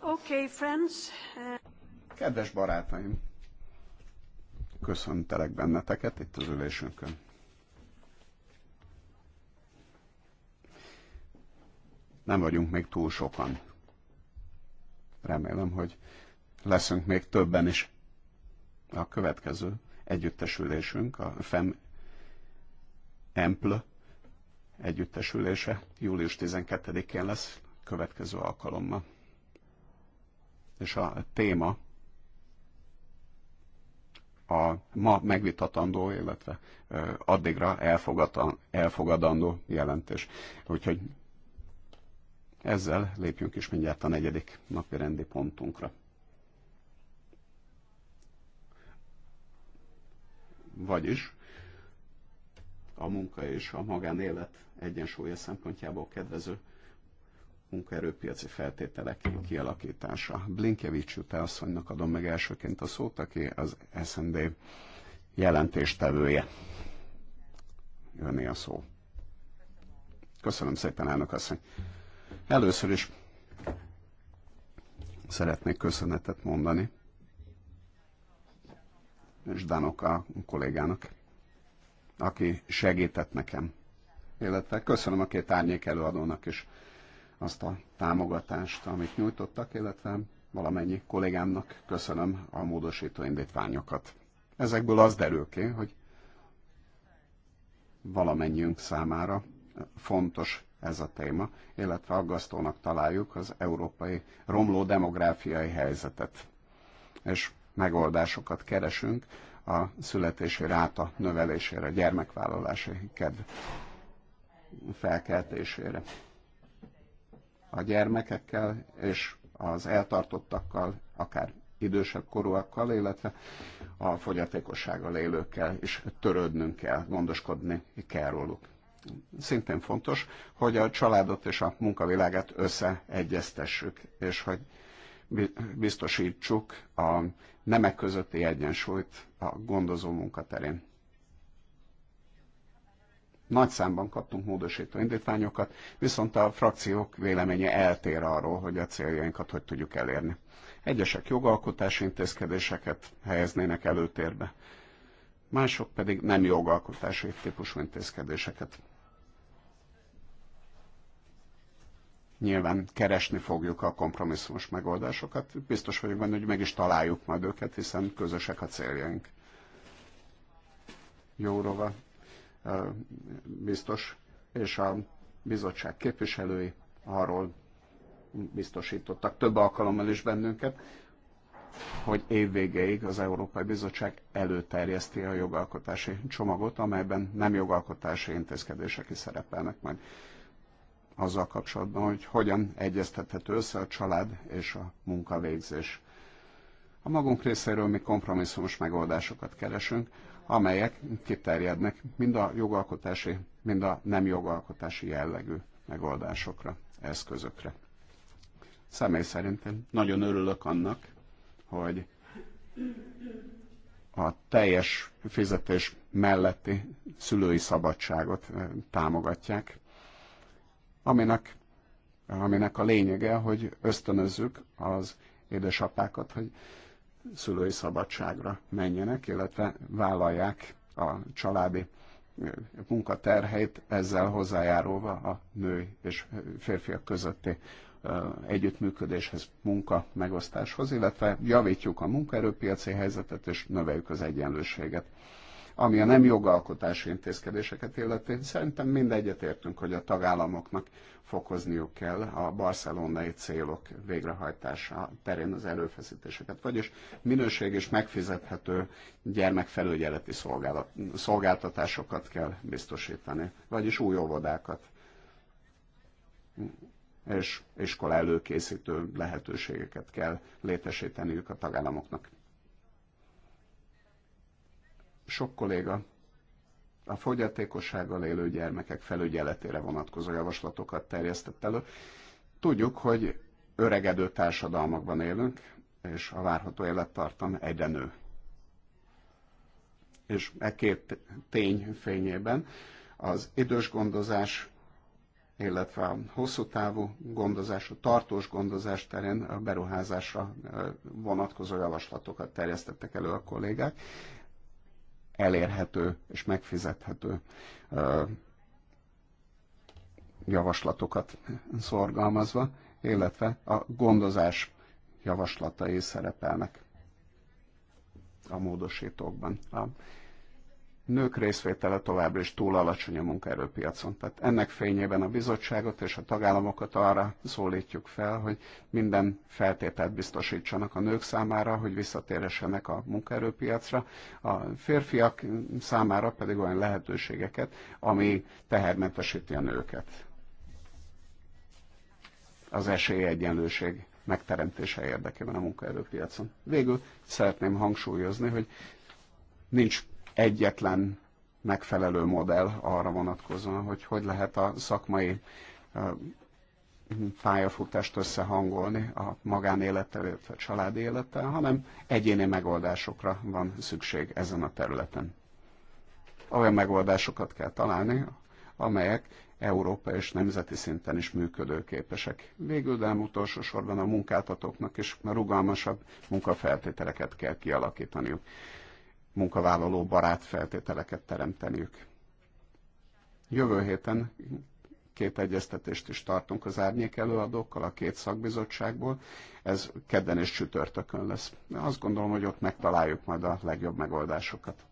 Okay, friends. Uh, Kedves barátaim, köszöntelek benneteket itt az ülésünkön. Nem vagyunk még túl sokan. Remélem, hogy leszünk még többen is. A következő együttesülésünk a FEM Ample együttesülése július 12-én lesz következő alkalommal. És a téma a ma megvitatandó, illetve addigra elfogadandó jelentés. Úgyhogy ezzel lépjünk is mindjárt a negyedik napi rendi pontunkra. Vagyis a munka és a magánélet egyensúlya szempontjából kedvező munkaerőpiaci feltételek kialakítása. Blinkevics asszonynak adom meg elsőként a szót, aki az SND jelentéstevője. Jönné a szó. Köszönöm szépen, elnök asszony. Először is szeretnék köszönetet mondani Zsdánok a kollégának, aki segített nekem illetve köszönöm a két árnyék előadónak is azt a támogatást, amit nyújtottak, illetve valamennyi kollégámnak köszönöm a módosító indítványokat. Ezekből az derül ki, hogy valamennyiünk számára fontos ez a téma, illetve aggasztónak találjuk az európai romló demográfiai helyzetet. És megoldásokat keresünk a születési ráta növelésére, gyermekvállalási kedv felkeltésére. A gyermekekkel és az eltartottakkal, akár idősebb korúakkal, illetve a fogyatékossággal élőkkel is törődnünk kell, gondoskodni kell róluk. Szintén fontos, hogy a családot és a munkavilágát összeegyeztessük, és hogy biztosítsuk a nemek közötti egyensúlyt a gondozó munkaterén. Nagy számban kaptunk módosító indítványokat, viszont a frakciók véleménye eltér arról, hogy a céljainkat hogy tudjuk elérni. Egyesek jogalkotási intézkedéseket helyeznének előtérbe, mások pedig nem jogalkotási típusú intézkedéseket. nyilván keresni fogjuk a kompromisszumos megoldásokat. Biztos vagyok benne, hogy meg is találjuk majd őket, hiszen közösek a céljaink. Jórova biztos és a bizottság képviselői arról biztosítottak több alkalommal is bennünket, hogy évvégéig az Európai Bizottság előterjeszti a jogalkotási csomagot, amelyben nem jogalkotási intézkedések is szerepelnek majd azzal kapcsolatban, hogy hogyan egyeztethető össze a család és a munkavégzés. A magunk részéről mi kompromisszumos megoldásokat keresünk, amelyek kiterjednek mind a jogalkotási, mind a nem jogalkotási jellegű megoldásokra, eszközökre. Személy szerint én nagyon örülök annak, hogy a teljes fizetés melletti szülői szabadságot támogatják, aminek, aminek a lényege, hogy ösztönözzük az édesapákat, hogy szülői szabadságra menjenek, illetve vállalják a családi eh, munkaterheit, ezzel hozzájárulva a nő és férfiak közötti eh, együttműködéshez, munka megosztáshoz, illetve javítjuk a munkaerőpiaci helyzetet és növeljük az egyenlőséget. Ami a nem jogalkotási intézkedéseket illeti, szerintem mind egyetértünk, hogy a tagállamoknak fokozniuk kell a barcelonai célok végrehajtása terén az előfeszítéseket, vagyis minőség és megfizethető gyermekfelügyeleti szolgáltatásokat kell biztosítani, vagyis új óvodákat és iskola előkészítő lehetőségeket kell létesíteniük a tagállamoknak sok kolléga a fogyatékossággal élő gyermekek felügyeletére vonatkozó javaslatokat terjesztett elő. Tudjuk, hogy öregedő társadalmakban élünk, és a várható élettartam egyre nő. És e két tény fényében az idős gondozás, illetve a hosszú távú gondozás, a tartós gondozás terén a beruházásra vonatkozó javaslatokat terjesztettek elő a kollégák, elérhető és megfizethető javaslatokat szorgalmazva, illetve a gondozás javaslatai szerepelnek a módosítókban. A nők részvétele továbbra is túl alacsony a munkaerőpiacon. Tehát ennek fényében a bizottságot és a tagállamokat arra szólítjuk fel, hogy minden feltételt biztosítsanak a nők számára, hogy visszatérhessenek a munkaerőpiacra, a férfiak számára pedig olyan lehetőségeket, ami tehermentesíti a nőket. Az esélyegyenlőség megteremtése érdekében a munkaerőpiacon. Végül szeretném hangsúlyozni, hogy nincs egyetlen megfelelő modell arra vonatkozóan, hogy hogy lehet a szakmai pályafutást összehangolni a magánélettel, illetve a családi élettel, hanem egyéni megoldásokra van szükség ezen a területen. Olyan megoldásokat kell találni, amelyek Európa és nemzeti szinten is működőképesek. Végül, de nem utolsó sorban a munkáltatóknak is rugalmasabb munkafeltételeket kell kialakítaniuk munkavállaló barát feltételeket teremteniük. Jövő héten két egyeztetést is tartunk az árnyék előadókkal a két szakbizottságból. Ez kedden és csütörtökön lesz. Azt gondolom, hogy ott megtaláljuk majd a legjobb megoldásokat.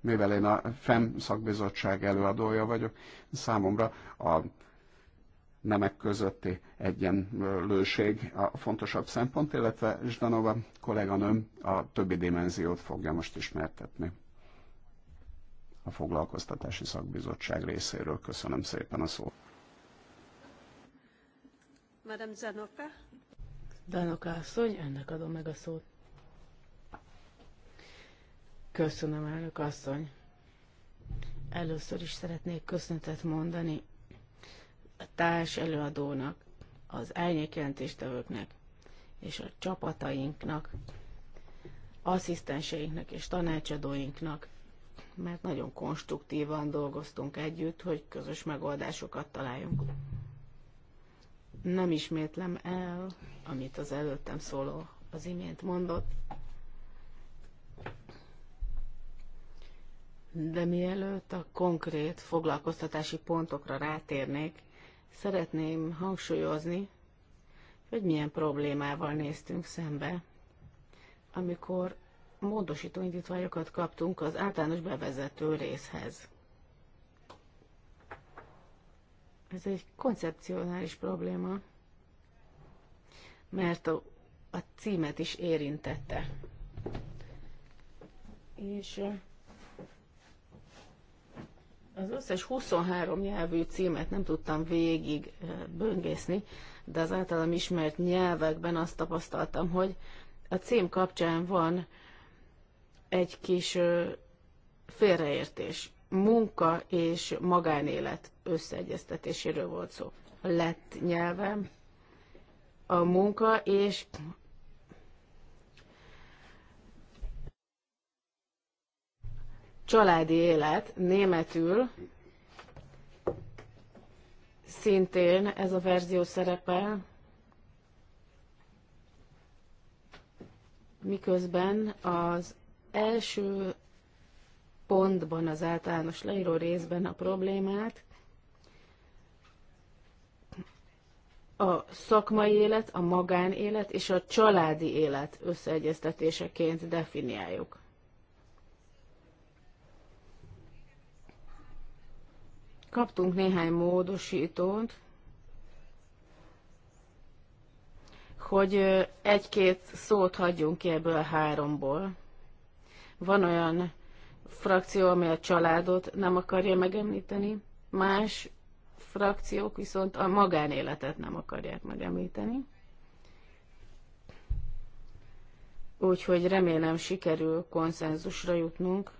Mivel én a FEM szakbizottság előadója vagyok, számomra a nemek közötti egyenlőség a fontosabb szempont, illetve Zsdanova kolléganőm a többi dimenziót fogja most ismertetni a foglalkoztatási szakbizottság részéről. Köszönöm szépen a szót. Madame Zanoka. Danoka asszony, ennek adom meg a szót. Köszönöm, elnök asszony. Először is szeretnék köszöntet mondani a társ előadónak, az elnyékjelentéstevőknek és a csapatainknak, asszisztenseinknek és tanácsadóinknak, mert nagyon konstruktívan dolgoztunk együtt, hogy közös megoldásokat találjunk. Nem ismétlem el, amit az előttem szóló az imént mondott, de mielőtt a konkrét foglalkoztatási pontokra rátérnék, Szeretném hangsúlyozni, hogy milyen problémával néztünk szembe, amikor módosító indítványokat kaptunk az általános bevezető részhez. Ez egy koncepcionális probléma, mert a, a címet is érintette. És az összes 23 nyelvű címet nem tudtam végig böngészni, de az általam ismert nyelvekben azt tapasztaltam, hogy a cím kapcsán van egy kis félreértés. Munka és magánélet összeegyeztetéséről volt szó. A lett nyelvem. a munka és családi élet németül szintén ez a verzió szerepel, miközben az első pontban, az általános leíró részben a problémát a szakmai élet, a magánélet és a családi élet összeegyeztetéseként definiáljuk. Kaptunk néhány módosítót, hogy egy-két szót hagyjunk ki ebből a háromból. Van olyan frakció, amely a családot nem akarja megemlíteni, más frakciók viszont a magánéletet nem akarják megemlíteni. Úgyhogy remélem sikerül konszenzusra jutnunk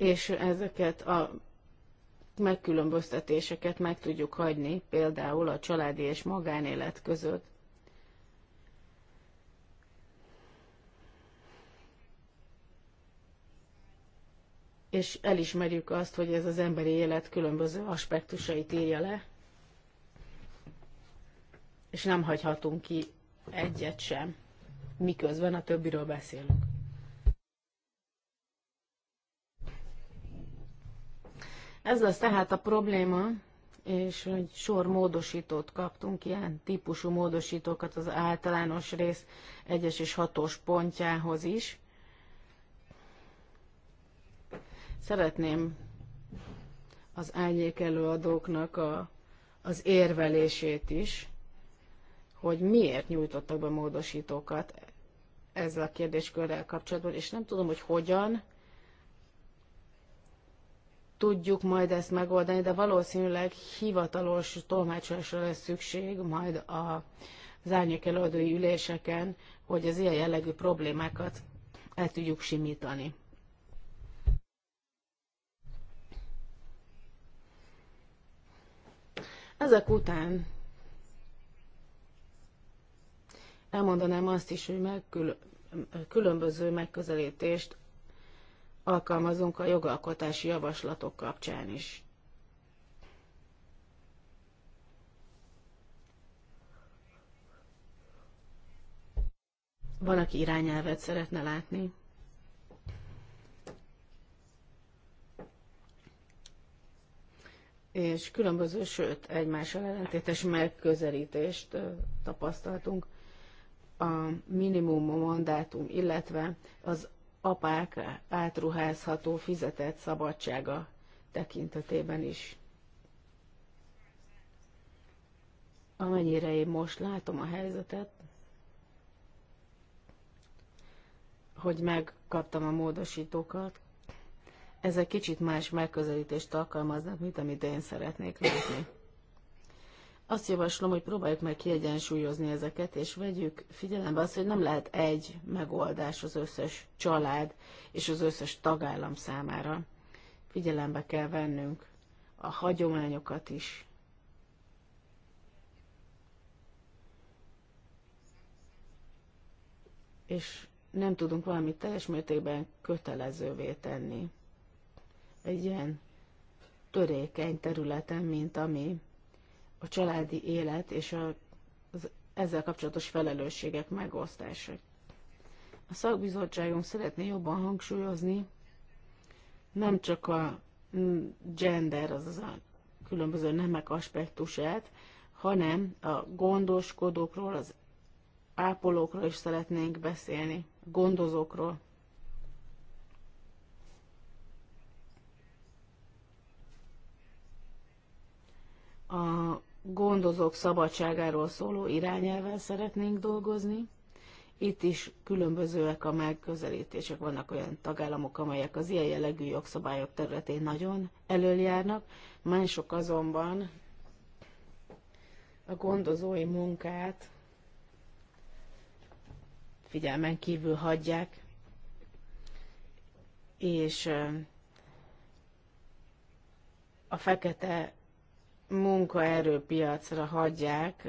és ezeket a megkülönböztetéseket meg tudjuk hagyni, például a családi és magánélet között. És elismerjük azt, hogy ez az emberi élet különböző aspektusait írja le, és nem hagyhatunk ki egyet sem, miközben a többiről beszélünk. Ez lesz tehát a probléma, és egy sor módosítót kaptunk, ilyen típusú módosítókat az általános rész egyes és hatos pontjához is. Szeretném az ágyék előadóknak a, az érvelését is, hogy miért nyújtottak be módosítókat ezzel a kérdéskörrel kapcsolatban, és nem tudom, hogy hogyan, tudjuk majd ezt megoldani, de valószínűleg hivatalos tolmácsolásra lesz szükség majd a az előadói üléseken, hogy az ilyen jellegű problémákat el tudjuk simítani. Ezek után elmondanám azt is, hogy megkül- különböző megközelítést alkalmazunk a jogalkotási javaslatok kapcsán is. Van, aki irányelvet szeretne látni. És különböző, sőt, egymással ellentétes megközelítést tapasztaltunk a minimum mandátum, illetve az apák átruházható fizetett szabadsága tekintetében is. Amennyire én most látom a helyzetet, hogy megkaptam a módosítókat, ez egy kicsit más megközelítést alkalmaznak, mint amit én szeretnék látni. Azt javaslom, hogy próbáljuk meg kiegyensúlyozni ezeket, és vegyük figyelembe azt, hogy nem lehet egy megoldás az összes család és az összes tagállam számára. Figyelembe kell vennünk a hagyományokat is, és nem tudunk valamit teljes mértékben kötelezővé tenni egy ilyen törékeny területen, mint ami a családi élet és a, az ezzel kapcsolatos felelősségek megosztása. A szakbizottságunk szeretné jobban hangsúlyozni nem csak a gender, azaz a különböző nemek aspektusát, hanem a gondoskodókról, az ápolókról is szeretnénk beszélni, gondozókról. A gondozók szabadságáról szóló irányelvel szeretnénk dolgozni. Itt is különbözőek a megközelítések. Vannak olyan tagállamok, amelyek az ilyen jellegű jogszabályok területén nagyon előjárnak, mások azonban a gondozói munkát figyelmen kívül hagyják, és a fekete munkaerőpiacra hagyják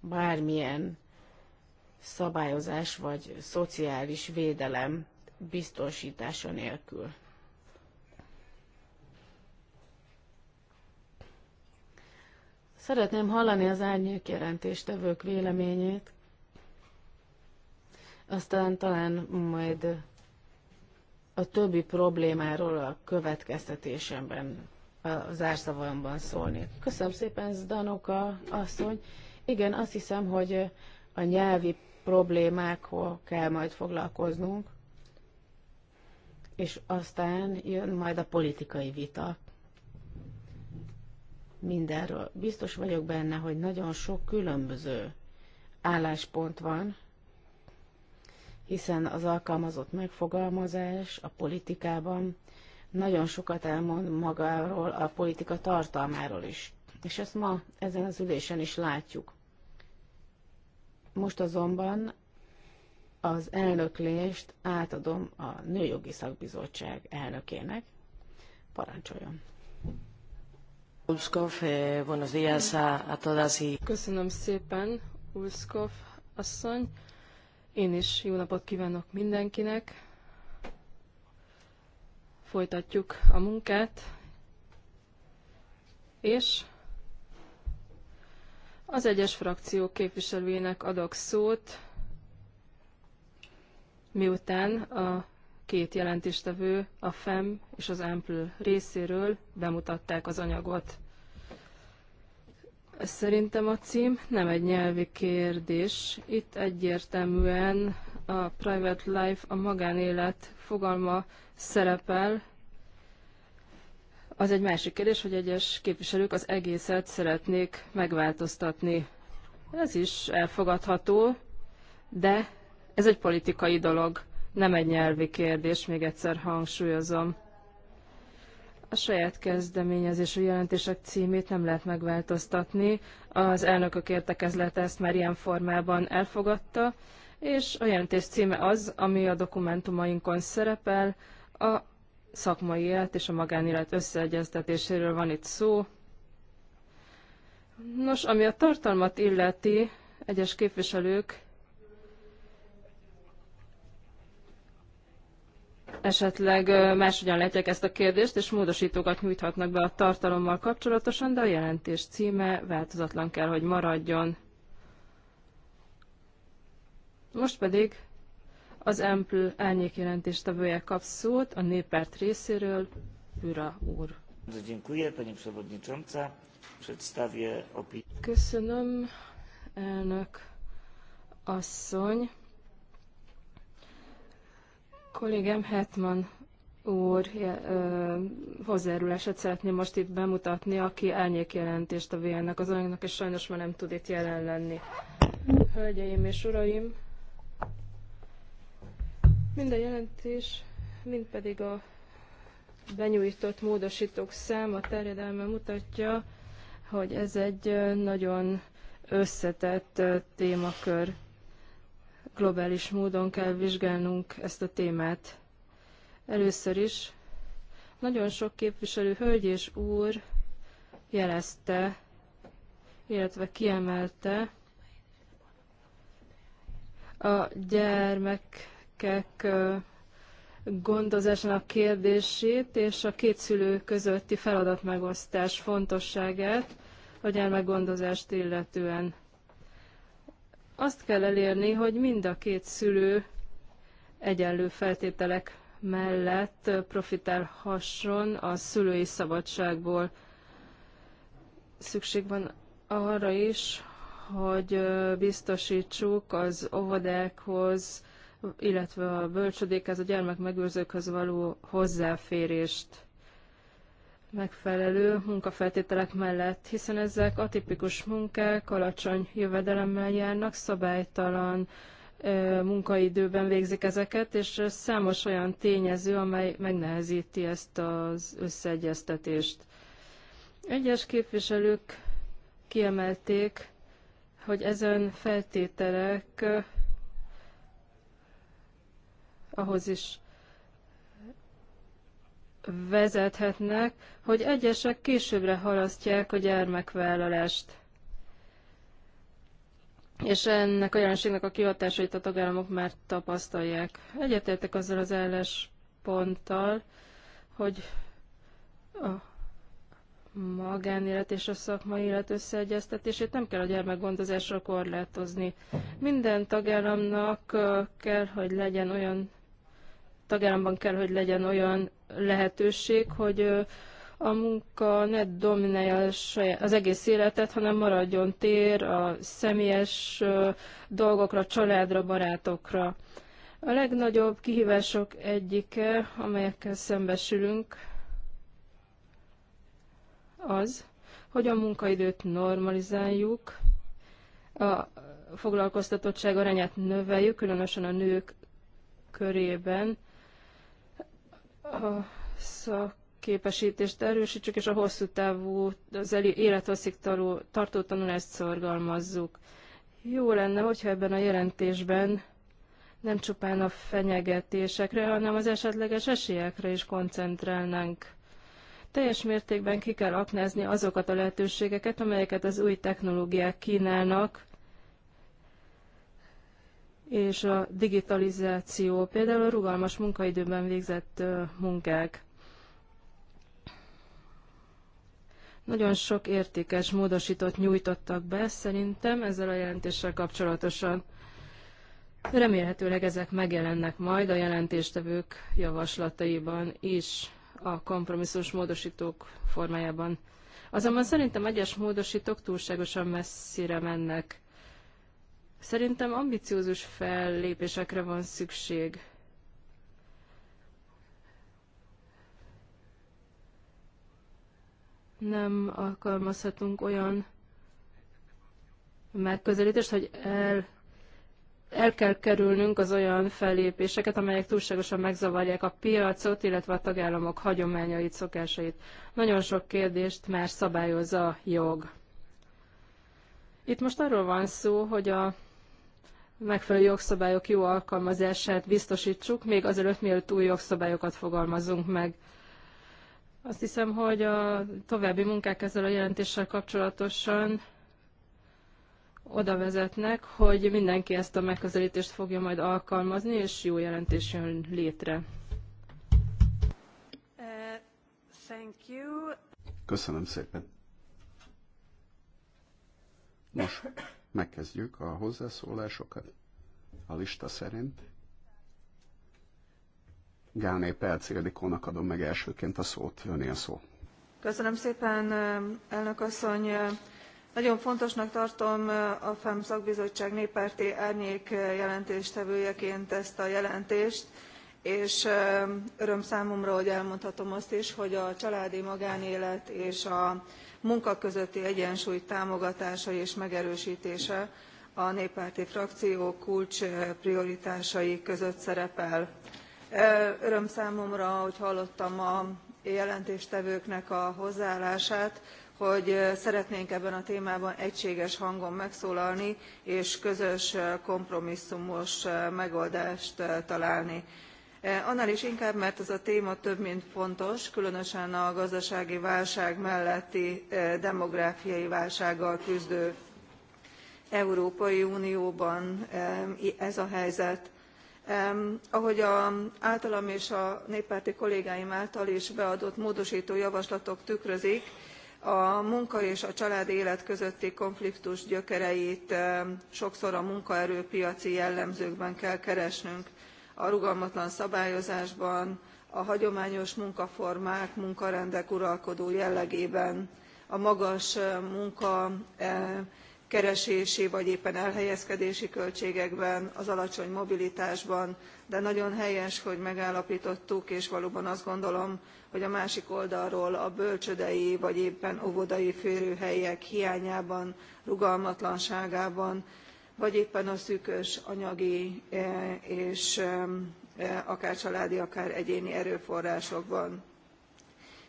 bármilyen szabályozás vagy szociális védelem biztosítása nélkül. Szeretném hallani az árnyék jelentéstevők véleményét, aztán talán majd a többi problémáról a következtetésemben zárszavamban szólni. Köszönöm szépen, Zdanoka asszony. Igen, azt hiszem, hogy a nyelvi problémákkal kell majd foglalkoznunk, és aztán jön majd a politikai vita mindenről. Biztos vagyok benne, hogy nagyon sok különböző álláspont van, hiszen az alkalmazott megfogalmazás a politikában nagyon sokat elmond magáról a politika tartalmáról is. És ezt ma ezen az ülésen is látjuk. Most azonban az elnöklést átadom a Nőjogi Szakbizottság elnökének. Parancsoljon! Ulskov, eh, buenos días a, a todas y... Köszönöm szépen, Ulskov asszony. Én is jó napot kívánok mindenkinek folytatjuk a munkát, és az egyes frakció képviselőjének adok szót, miután a két jelentéstevő, a FEM és az AMPL részéről bemutatták az anyagot. Szerintem a cím nem egy nyelvi kérdés. Itt egyértelműen a private life, a magánélet fogalma szerepel, az egy másik kérdés, hogy egyes képviselők az egészet szeretnék megváltoztatni. Ez is elfogadható, de ez egy politikai dolog, nem egy nyelvi kérdés, még egyszer hangsúlyozom. A saját kezdeményezésű jelentések címét nem lehet megváltoztatni. Az elnökök értekezlete ezt már ilyen formában elfogadta, és a jelentés címe az, ami a dokumentumainkon szerepel, a szakmai élet és a magánélet összeegyeztetéséről van itt szó. Nos, ami a tartalmat illeti, egyes képviselők esetleg máshogyan lehetják ezt a kérdést, és módosítókat nyújthatnak be a tartalommal kapcsolatosan, de a jelentés címe változatlan kell, hogy maradjon. Most pedig az EMPL árnyékjelentéstevője kap szót a néppárt részéről, Püra úr. Köszönöm, elnök asszony. Kollégám Hetman úr eh, hozzájárulását szeretném most itt bemutatni, aki jelentést a VN-nek az anyagnak, és sajnos már nem tud itt jelen lenni. Hölgyeim és uraim, Mind a jelentés, mind pedig a benyújtott módosítók száma terjedelme mutatja, hogy ez egy nagyon összetett témakör. Globális módon kell vizsgálnunk ezt a témát. Először is nagyon sok képviselő hölgy és úr jelezte, illetve kiemelte a gyermek gyermekek gondozásának kérdését és a két szülő közötti feladatmegosztás fontosságát a gyermekgondozást illetően. Azt kell elérni, hogy mind a két szülő egyenlő feltételek mellett profitálhasson a szülői szabadságból. Szükség van arra is, hogy biztosítsuk az óvodákhoz, illetve a bölcsödékhez, a gyermek megőrzőkhöz való hozzáférést megfelelő munkafeltételek mellett, hiszen ezek atipikus munkák, alacsony jövedelemmel járnak, szabálytalan munkaidőben végzik ezeket, és számos olyan tényező, amely megnehezíti ezt az összeegyeztetést. Egyes képviselők kiemelték, hogy ezen feltételek ahhoz is vezethetnek, hogy egyesek későbbre halasztják a gyermekvállalást. És ennek a jelenségnek a kihatásait a tagállamok már tapasztalják. Egyetértek azzal az állásponttal, hogy a magánélet és a szakmai élet összeegyeztetését nem kell a gyermekgondozásra korlátozni. Minden tagállamnak kell, hogy legyen olyan tagállamban kell, hogy legyen olyan lehetőség, hogy a munka ne dominálja az egész életet, hanem maradjon tér a személyes dolgokra, családra, barátokra. A legnagyobb kihívások egyike, amelyekkel szembesülünk, az, hogy a munkaidőt normalizáljuk, a foglalkoztatottság arányát növeljük, különösen a nők körében, a szakképesítést erősítsük, és a hosszú távú, az élethosszig tartó tanulást szorgalmazzuk. Jó lenne, hogyha ebben a jelentésben nem csupán a fenyegetésekre, hanem az esetleges esélyekre is koncentrálnánk. Teljes mértékben ki kell aknázni azokat a lehetőségeket, amelyeket az új technológiák kínálnak, és a digitalizáció, például a rugalmas munkaidőben végzett munkák. Nagyon sok értékes módosítót nyújtottak be szerintem ezzel a jelentéssel kapcsolatosan. Remélhetőleg ezek megjelennek majd a jelentéstevők javaslataiban is a kompromisszus módosítók formájában. Azonban szerintem egyes módosítók túlságosan messzire mennek. Szerintem ambiciózus fellépésekre van szükség. Nem alkalmazhatunk olyan megközelítést, hogy el, el kell kerülnünk az olyan fellépéseket, amelyek túlságosan megzavarják a piacot, illetve a tagállamok hagyományait, szokásait. Nagyon sok kérdést már szabályozza a jog. Itt most arról van szó, hogy a megfelelő jogszabályok jó alkalmazását biztosítsuk, még azelőtt, mielőtt új jogszabályokat fogalmazunk meg. Azt hiszem, hogy a további munkák ezzel a jelentéssel kapcsolatosan oda vezetnek, hogy mindenki ezt a megközelítést fogja majd alkalmazni, és jó jelentés jön létre. Uh, Köszönöm szépen. Nos, megkezdjük a hozzászólásokat a lista szerint. Gálné Perc Ildikónak adom meg elsőként a szót, jönni a szó. Köszönöm szépen, elnök asszony. Nagyon fontosnak tartom a FEM szakbizottság néppárti árnyék jelentéstevőjeként ezt a jelentést és öröm számomra hogy elmondhatom azt is hogy a családi magánélet és a munka közötti egyensúly támogatása és megerőstése a néppárti frakció kulcsprioritásai között szerepel. öröm számomra hogy hallottam a jelentéstevőknek a hozzáállását hogy szeretnénk ebben a témában egységes hangon megszólalni és közös kompromisszumos megoldást találni annál is inkább mert ez a téma több mint fontos különösen a gazdasági válság melletti demográfiai válsággal küzdő európai unióban ez a helyzet. ahogy az általam és a néppárti kollégáim által is beadott módostó javaslatok tükrözik a munka és a családi élet közötti konfliktus gyökereit sokszor a munkaerőpiaci jellemzőkben kell keresnünk a rugalmatlan szabályozásban a hagyományos munkaformák munkarendek uralkodó jellegében a magas munkakeresési vagy éppen elhelyezkedési költségekben az alacsony mobilitásban de nagyon helyes hogy megállaptottuk és valóban azt gondolom hogy a másik oldalról a bölcsődei vagy éppen óvodai férőhelyek hiányában rugalmatlanságában vagy éppen a szűkös anyagi e, és e, e, akár családi akár egyéni erőforrásokban.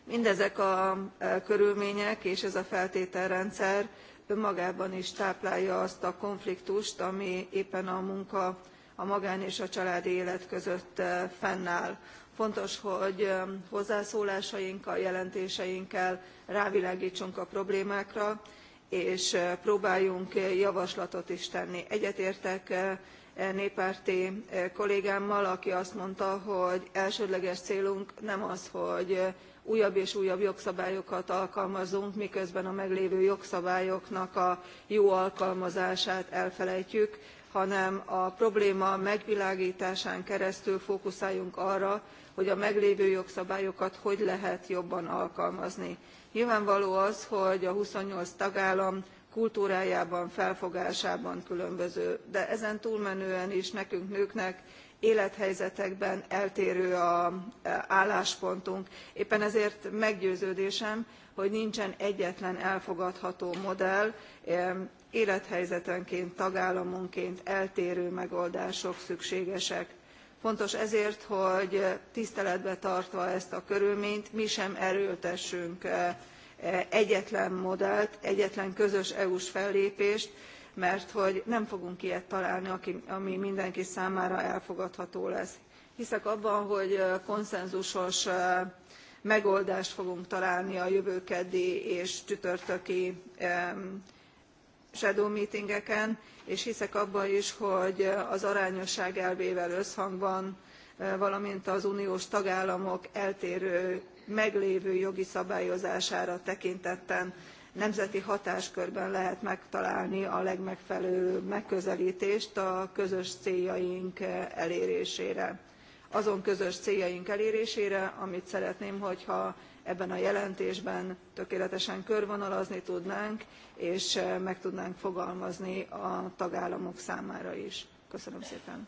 mindezek a körülmények és ez a feltételrendszer önmagában is táplálja azt a konfliktust ami éppen a munka a magán és a családi élet között fennáll. fontos hogy hozzászólásainkkal jelentéseinkkel rávilágítsunk a problémákra és próbáljunk javaslatot is tenni. egyetértek e, néppárti kollégámmal aki azt mondta hogy elsődleges célunk nem az hogy újabb és újabb jogszabályokat alkalmazzunk miközben a meglévő jogszabályoknak a jó alkalmazását elfelejtjük hanem a probléma megvilágtásán keresztül fókuszáljunk arra hogy a meglévő jogszabályokat hogy lehet jobban alkalmazni nyilvánvaló az hogy a twenty eight tagállam kultúrájában felfogásában különböző de ezen túlmenően is nekünk nőknek élethelyzetekben eltérő az álláspontunk éppen ezért meggyőződésem hogy nincsen egyetlen elfogadható modell élethelyzetenként tagállamonként eltérő megoldások szükségesek fontos ezért hogy tiszteletben tartva ezt a körülményt mi sem erőltessünk eh, egyetlen modellt egyetlen közös eu s fellépést mert hogy nem fogunk ilyet találni ami mindenki számára elfogadható lesz. hiszek abban hogy eh, konszenzusos eh, megoldást fogunk találni a jövő keddi és csütörtöki shadow meetingeken és hiszek abban is hogy az arányosság elvével összhangban valamint az uniós tagállamok eltérő meglévő jogi szabályozására tekintetten nemzeti hatáskörben lehet megtalálni a legmegfelelőbb megközeltést a közös céljaink elérésére azon közös céljaink elérésére amit szeretném hogyha ebben a jelentésben tökéletesen körvonalazni tudnánk és eh, meg tudnánk fogalmazni a tagállamok számára is. köszönöm szépen!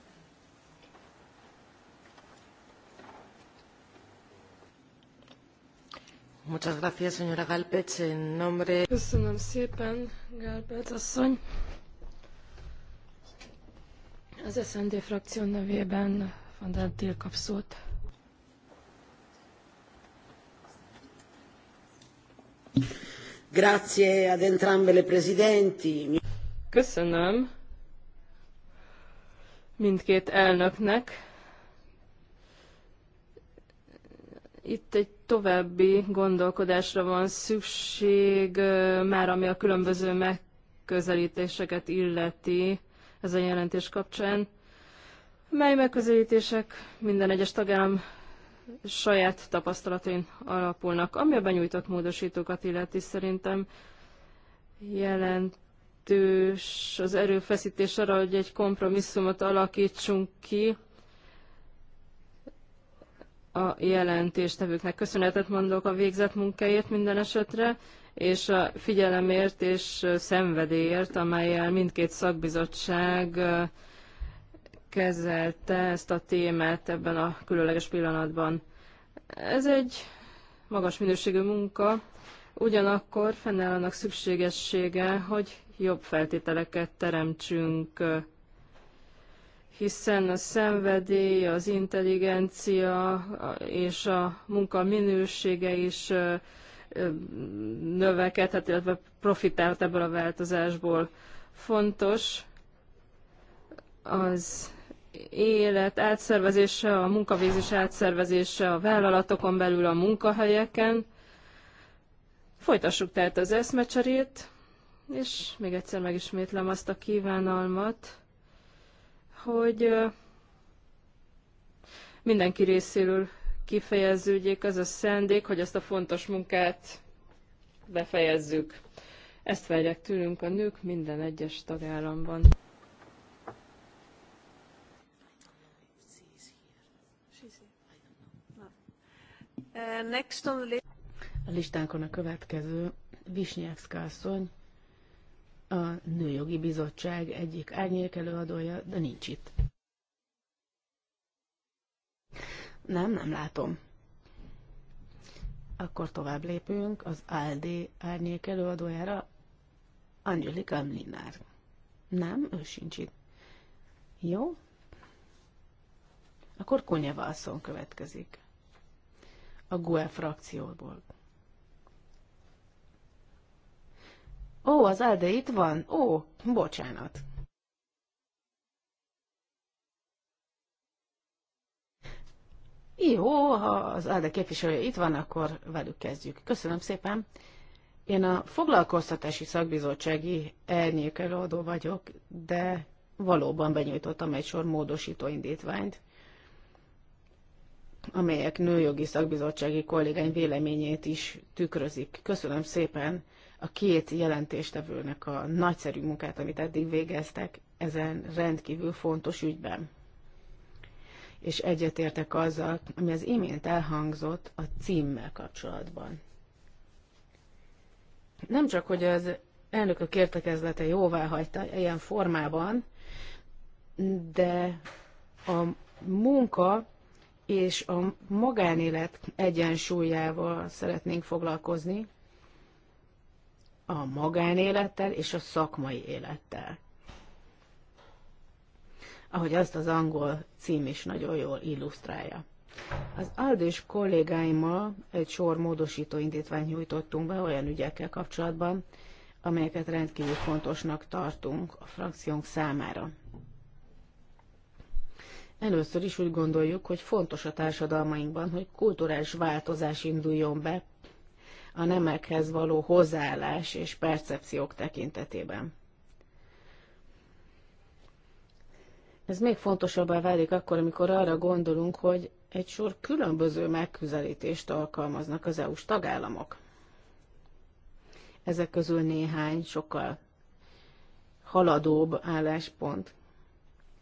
Köszönöm szépen, Galpec asszony. Az SND frakció nevében van kap szót. Grazie ad entrambe le presidenti. Köszönöm mindkét elnöknek. Itt egy további gondolkodásra van szükség, már ami a különböző megközelítéseket illeti ez a jelentés kapcsán mely megközelítések minden egyes tagállam saját tapasztalatain alapulnak. Ami a benyújtott módosítókat illeti szerintem jelentős az erőfeszítés arra, hogy egy kompromisszumot alakítsunk ki a jelentéstevőknek. Köszönetet mondok a végzett munkáért minden esetre, és a figyelemért és szenvedélyért, amelyel mindkét szakbizottság kezelte ezt a témát ebben a különleges pillanatban. Ez egy magas minőségű munka, ugyanakkor fennáll annak szükségessége, hogy jobb feltételeket teremtsünk, hiszen a szenvedély, az intelligencia és a munka minősége is növekedhet, illetve profitált ebből a változásból. Fontos az élet átszervezése, a munkavégzés átszervezése a vállalatokon belül, a munkahelyeken. Folytassuk tehát az eszmecserét, és még egyszer megismétlem azt a kívánalmat, hogy mindenki részéről kifejeződjék az a szándék, hogy ezt a fontos munkát befejezzük. Ezt várják tőlünk a nők minden egyes tagállamban. Next on the list. A listánkon a következő Visnyevszka asszony, a Nőjogi Bizottság egyik árnyék előadója, de nincs itt. Nem, nem látom. Akkor tovább lépünk az ALD árnyék előadójára, Angelika Mlinár. Nem, ő sincs itt. Jó? Akkor Kunyeva asszony következik a GUE frakcióból. Ó, az Alde itt van? Ó, bocsánat. Jó, ha az ALDE képviselője itt van, akkor velük kezdjük. Köszönöm szépen. Én a foglalkoztatási szakbizottsági elnyékelőadó vagyok, de valóban benyújtottam egy sor módosító indítványt amelyek nőjogi szakbizottsági kollégány véleményét is tükrözik. Köszönöm szépen a két jelentéstevőnek a nagyszerű munkát, amit eddig végeztek ezen rendkívül fontos ügyben. És egyetértek azzal, ami az imént elhangzott a címmel kapcsolatban. Nem csak, hogy az elnökök értekezlete jóvá hagyta ilyen formában, de a munka és a magánélet egyensúlyával szeretnénk foglalkozni, a magánélettel és a szakmai élettel. Ahogy azt az angol cím is nagyon jól illusztrálja. Az Aldis kollégáimmal egy sor módosító indítványt nyújtottunk be olyan ügyekkel kapcsolatban, amelyeket rendkívül fontosnak tartunk a frakciónk számára. Először is úgy gondoljuk, hogy fontos a társadalmainkban, hogy kulturális változás induljon be a nemekhez való hozzáállás és percepciók tekintetében. Ez még fontosabbá válik akkor, amikor arra gondolunk, hogy egy sor különböző megközelítést alkalmaznak az EU-s tagállamok. Ezek közül néhány sokkal haladóbb álláspont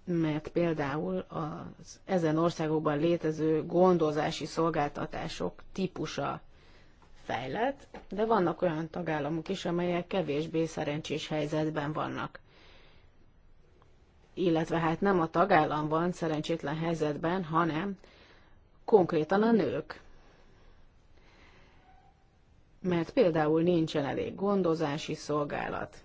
mert például az ezen országokban létező gondozási szolgáltatások típusa fejlett, de vannak olyan tagállamok is, amelyek kevésbé szerencsés helyzetben vannak. Illetve hát nem a tagállam van szerencsétlen helyzetben, hanem konkrétan a nők. Mert például nincsen elég gondozási szolgálat,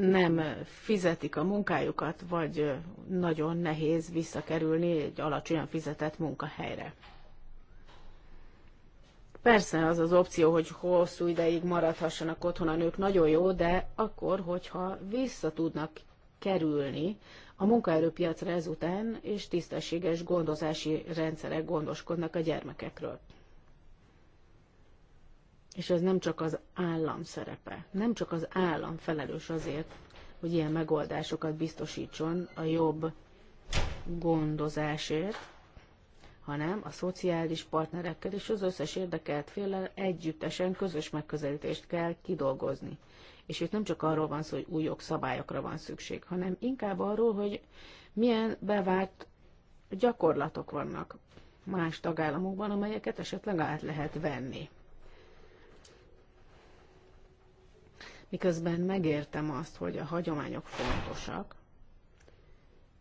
nem fizetik a munkájukat, vagy nagyon nehéz visszakerülni egy alacsonyan fizetett munkahelyre. Persze az az opció, hogy hosszú ideig maradhassanak otthon a nők, nagyon jó, de akkor, hogyha vissza tudnak kerülni a munkaerőpiacra ezután, és tisztességes gondozási rendszerek gondoskodnak a gyermekekről. És ez nem csak az állam szerepe, nem csak az állam felelős azért, hogy ilyen megoldásokat biztosítson a jobb gondozásért, hanem a szociális partnerekkel és az összes érdekelt féllel együttesen közös megközelítést kell kidolgozni. És itt nem csak arról van szó, hogy új jogszabályokra van szükség, hanem inkább arról, hogy milyen bevált gyakorlatok vannak más tagállamokban, amelyeket esetleg át lehet venni. miközben megértem azt, hogy a hagyományok fontosak,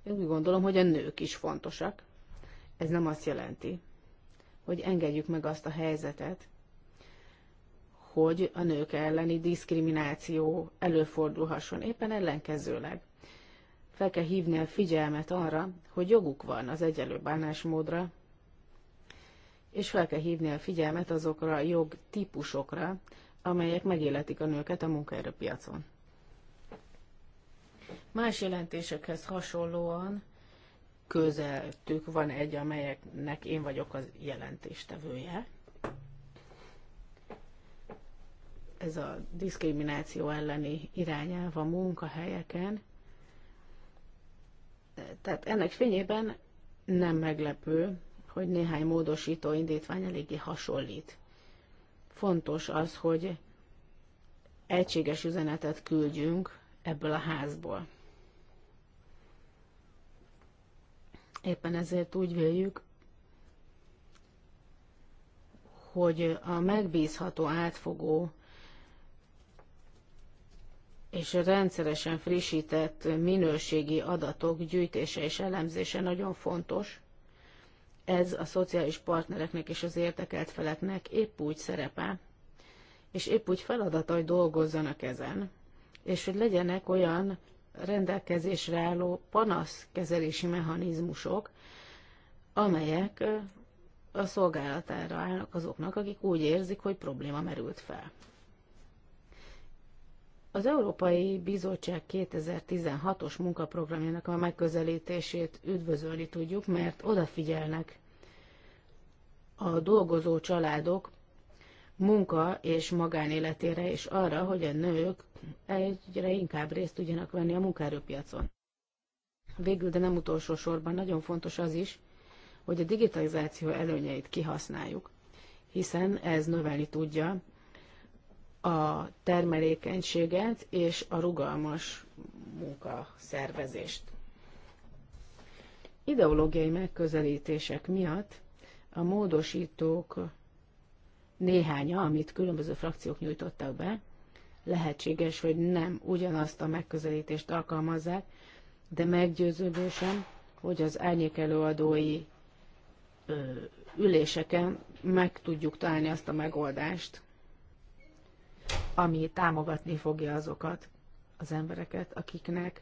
én úgy gondolom, hogy a nők is fontosak. Ez nem azt jelenti, hogy engedjük meg azt a helyzetet, hogy a nők elleni diszkrimináció előfordulhasson, éppen ellenkezőleg. Fel kell hívni a figyelmet arra, hogy joguk van az egyenlő bánásmódra, és fel kell hívni a figyelmet azokra a jogtípusokra, amelyek megéletik a nőket a munkaerőpiacon. Más jelentésekhez hasonlóan közeltük van egy, amelyeknek én vagyok az jelentéstevője. Ez a diszkrimináció elleni irányelv a munkahelyeken. Tehát ennek fényében nem meglepő, hogy néhány módosító indítvány eléggé hasonlít Fontos az, hogy egységes üzenetet küldjünk ebből a házból. Éppen ezért úgy véljük, hogy a megbízható, átfogó és rendszeresen frissített minőségi adatok gyűjtése és elemzése nagyon fontos, ez a szociális partnereknek és az értekelt feleknek épp úgy szerepe, és épp úgy feladata, hogy dolgozzanak ezen, és hogy legyenek olyan rendelkezésre álló panaszkezelési mechanizmusok, amelyek a szolgálatára állnak azoknak, akik úgy érzik, hogy probléma merült fel. Az Európai Bizottság 2016-os munkaprogramjának a megközelítését üdvözölni tudjuk, mert odafigyelnek a dolgozó családok munka és magánéletére, és arra, hogy a nők egyre inkább részt tudjanak venni a munkaerőpiacon. Végül, de nem utolsó sorban nagyon fontos az is, hogy a digitalizáció előnyeit kihasználjuk, hiszen ez növelni tudja a termelékenységet és a rugalmas munkaszervezést. Ideológiai megközelítések miatt a módosítók néhánya, amit különböző frakciók nyújtottak be, lehetséges, hogy nem ugyanazt a megközelítést alkalmazzák, de meggyőződésem, hogy az árnyék előadói ö, üléseken meg tudjuk találni azt a megoldást, ami támogatni fogja azokat az embereket, akiknek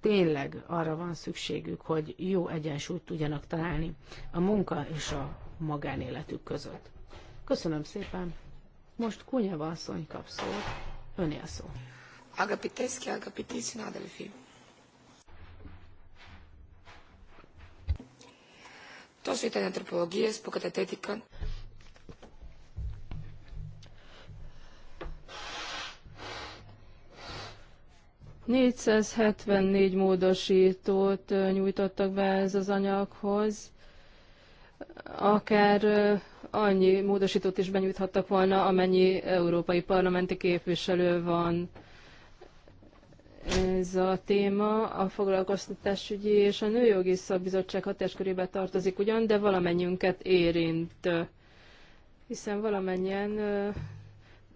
tényleg arra van szükségük, hogy jó egyensúlyt tudjanak találni a munka és a magánéletük között. Köszönöm szépen. Most Kunyava asszony kap szót. Öné a szó. Agapiteszki, agapitészi, nádelfi. Τόσο antropológia, η 474 módosítót nyújtottak be ez az anyaghoz, akár annyi módosítót is benyújthattak volna, amennyi európai parlamenti képviselő van ez a téma a foglalkoztatásügyi és a nőjogi szakbizottság hatáskörébe tartozik ugyan, de valamennyünket érint, hiszen valamennyien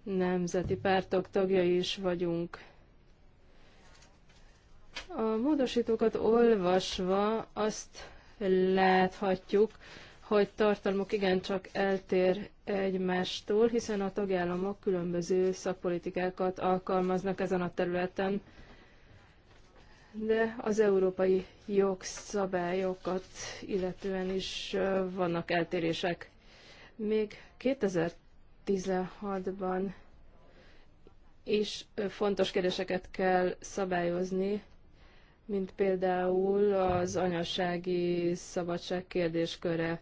nemzeti pártok tagjai is vagyunk. A módosítókat olvasva azt láthatjuk, hogy tartalmuk igencsak eltér egymástól, hiszen a tagállamok különböző szakpolitikákat alkalmaznak ezen a területen, de az európai jogszabályokat illetően is vannak eltérések. Még 2016-ban is fontos kérdéseket kell szabályozni, mint például az anyasági szabadság kérdésköre.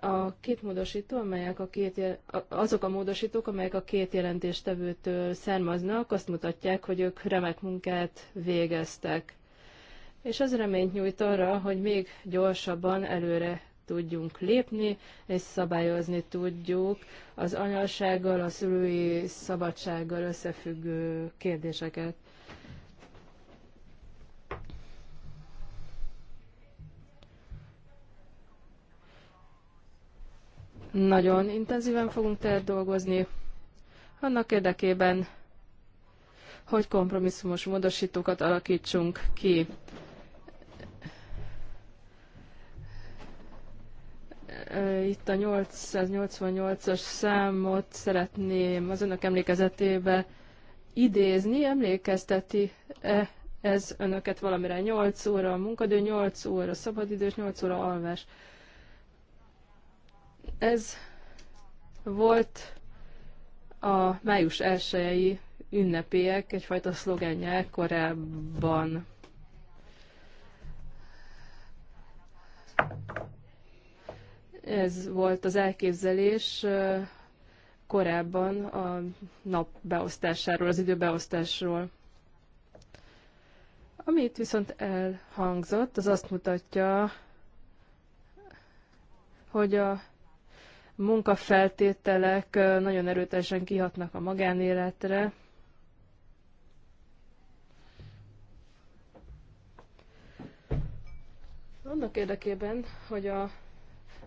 A két módosító, amelyek a két, azok a módosítók, amelyek a két jelentéstevőtől származnak, azt mutatják, hogy ők remek munkát végeztek. És az reményt nyújt arra, hogy még gyorsabban előre tudjunk lépni, és szabályozni tudjuk az anyasággal, a szülői szabadsággal összefüggő kérdéseket. Nagyon intenzíven fogunk tehát dolgozni, annak érdekében, hogy kompromisszumos módosítókat alakítsunk ki. itt a 888-as számot szeretném az önök emlékezetébe idézni. Emlékezteti -e ez önöket valamire? 8 óra a munkadő, 8 óra szabadidős, 8 óra alvás. Ez volt a május 1 ünnepélyek egyfajta szlogenje korábban. Ez volt az elképzelés korábban a nap beosztásáról, az időbeosztásról. Amit viszont elhangzott, az azt mutatja, hogy a munkafeltételek nagyon erőteljesen kihatnak a magánéletre. Annak érdekében, hogy a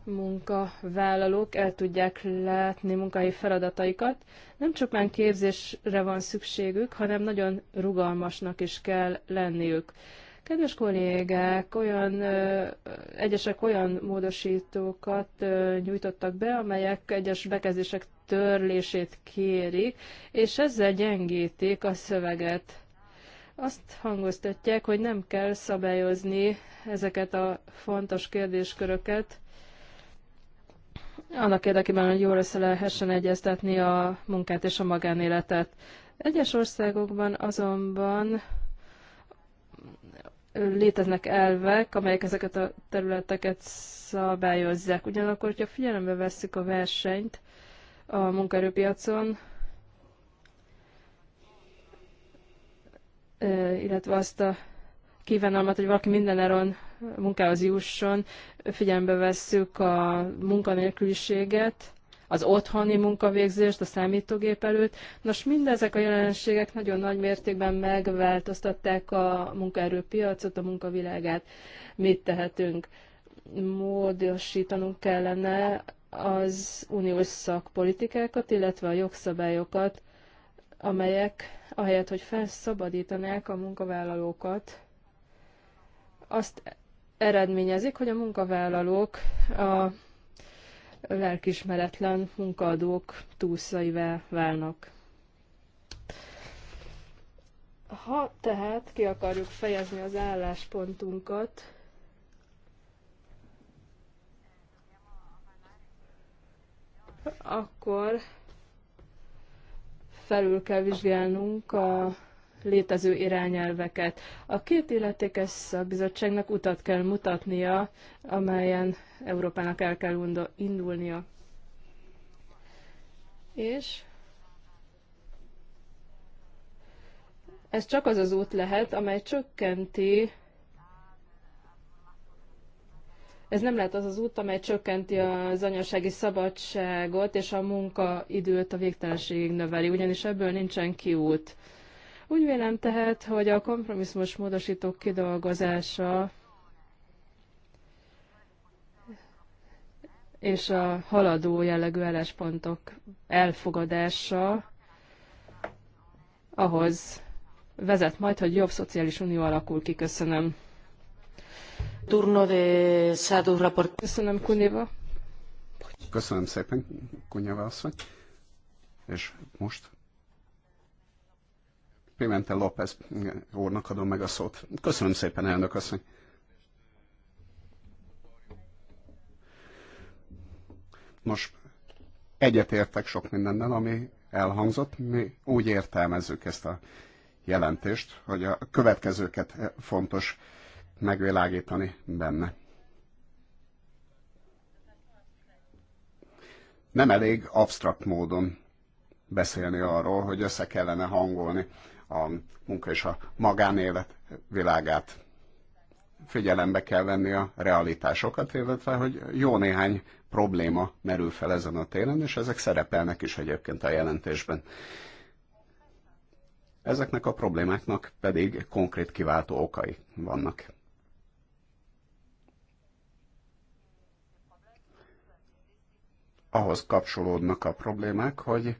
munkavállalók el tudják látni munkai feladataikat. Nem már képzésre van szükségük, hanem nagyon rugalmasnak is kell lenniük. Kedves kollégák, olyan, egyesek olyan módosítókat nyújtottak be, amelyek egyes bekezdések törlését kérik, és ezzel gyengítik a szöveget. Azt hangoztatják, hogy nem kell szabályozni ezeket a fontos kérdésköröket, annak érdekében, hogy jól össze lehessen egyeztetni a munkát és a magánéletet. Egyes országokban azonban léteznek elvek, amelyek ezeket a területeket szabályozzák. Ugyanakkor, hogyha figyelembe vesszük a versenyt a munkaerőpiacon, illetve azt a kívánalmat, hogy valaki minden eron munkához jusson, figyelembe vesszük a munkanélküliséget, az otthoni munkavégzést a számítógép előtt. Nos, mindezek a jelenségek nagyon nagy mértékben megváltoztatták a munkaerőpiacot, a munkavilágát. Mit tehetünk? Módosítanunk kellene az uniós szakpolitikákat, illetve a jogszabályokat, amelyek ahelyett, hogy felszabadítanák a munkavállalókat, azt eredményezik, hogy a munkavállalók a lelkismeretlen munkaadók túlszaivá válnak. Ha tehát ki akarjuk fejezni az álláspontunkat, akkor felül kell vizsgálnunk a létező irányelveket. A két illetékes szakbizottságnak utat kell mutatnia, amelyen Európának el kell indulnia. És ez csak az az út lehet, amely csökkenti ez nem lehet az az út, amely csökkenti az anyasági szabadságot és a munkaidőt a végtelenségig növeli, ugyanis ebből nincsen kiút. Úgy vélem tehát, hogy a kompromisszumos módosítók kidolgozása és a haladó jellegű álláspontok elfogadása ahhoz vezet majd, hogy jobb szociális unió alakul ki. Köszönöm. Turno de Sadu raport. Köszönöm, Kunyeva. Köszönöm szépen, Kunyeva asszony. És most Pimentel López úrnak adom meg a szót. Köszönöm szépen, elnök asszony. Nos, egyetértek sok mindennel, ami elhangzott. Mi úgy értelmezzük ezt a jelentést, hogy a következőket fontos megvilágítani benne. Nem elég absztrakt módon beszélni arról, hogy össze kellene hangolni a munka és a magánélet világát. Figyelembe kell venni a realitásokat, illetve hogy jó néhány probléma merül fel ezen a téren, és ezek szerepelnek is egyébként a jelentésben. Ezeknek a problémáknak pedig konkrét kiváltó okai vannak. Ahhoz kapcsolódnak a problémák, hogy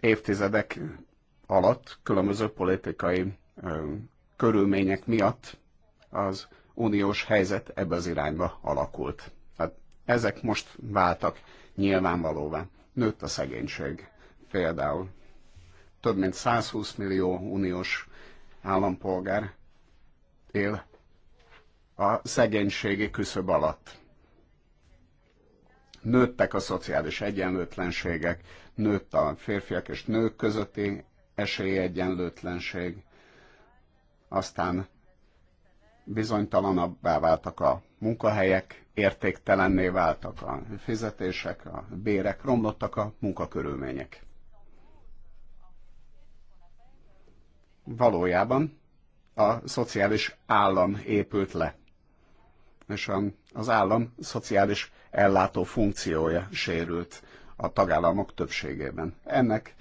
évtizedek alatt különböző politikai körülmények miatt az uniós helyzet ebbe az irányba alakult. Hát ezek most váltak nyilvánvalóvá. Nőtt a szegénység például. Több mint 120 millió uniós állampolgár él a szegénységi küszöb alatt. Nőttek a szociális egyenlőtlenségek, nőtt a férfiak és nők közötti esélyegyenlőtlenség, aztán bizonytalanabbá váltak a munkahelyek, értéktelenné váltak a fizetések, a bérek, romlottak a munkakörülmények. Valójában a szociális állam épült le, és az állam szociális ellátó funkciója sérült a tagállamok többségében. Ennek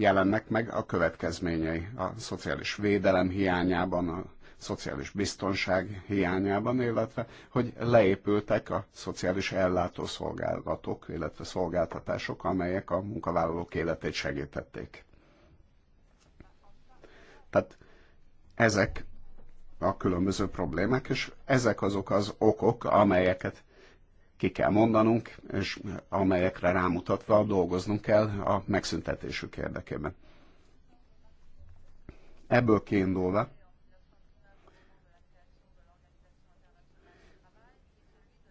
jelennek meg a következményei a szociális védelem hiányában, a szociális biztonság hiányában, illetve hogy leépültek a szociális ellátószolgálatok, illetve szolgáltatások, amelyek a munkavállalók életét segítették. Tehát ezek a különböző problémák, és ezek azok az okok, amelyeket ki kell mondanunk, és amelyekre rámutatva dolgoznunk kell a megszüntetésük érdekében. Ebből kiindulva